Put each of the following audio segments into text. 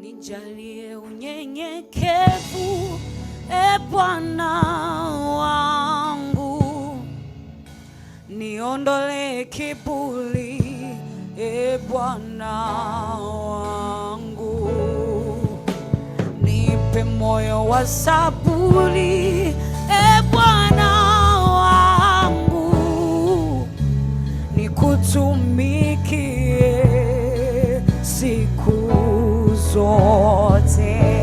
nijalie unyenyekevu, e Bwana wangu, niondole kiburi, e Bwana wangu, nipe moyo wa saburi, e Bwana wangu, nikutumie sorted.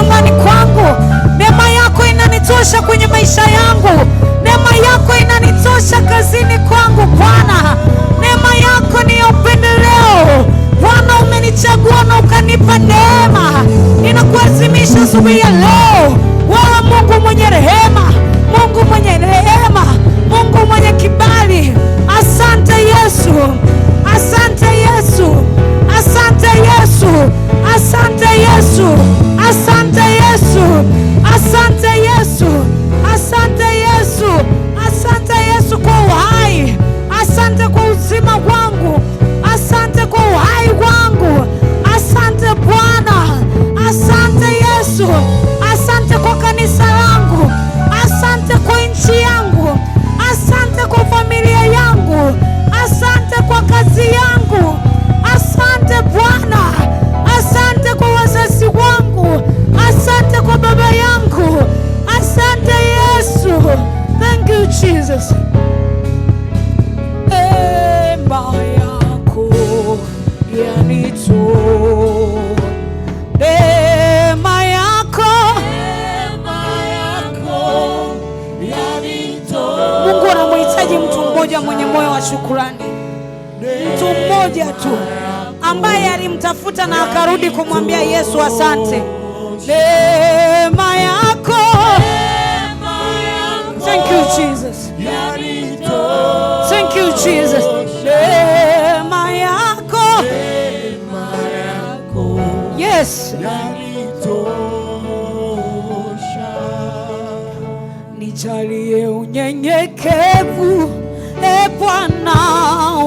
nyumbani kwangu, neema yako inanitosha kwenye maisha yangu. Yesu, asante kwa kanisa langu, asante kwa nchi yangu, asante kwa familia yangu, asante kwa kazi yangu, asante Bwana, asante kwa wazazi wangu, asante kwa baba yangu, asante Yesu. Thank you Jesus. Ema yako yanito shukrani. Mtu mmoja tu ambaye alimtafuta na akarudi kumwambia Yesu asante. Neema yako, thank you Jesus, thank you Jesus, neema yako, yes Nijalie unyenyekevu now.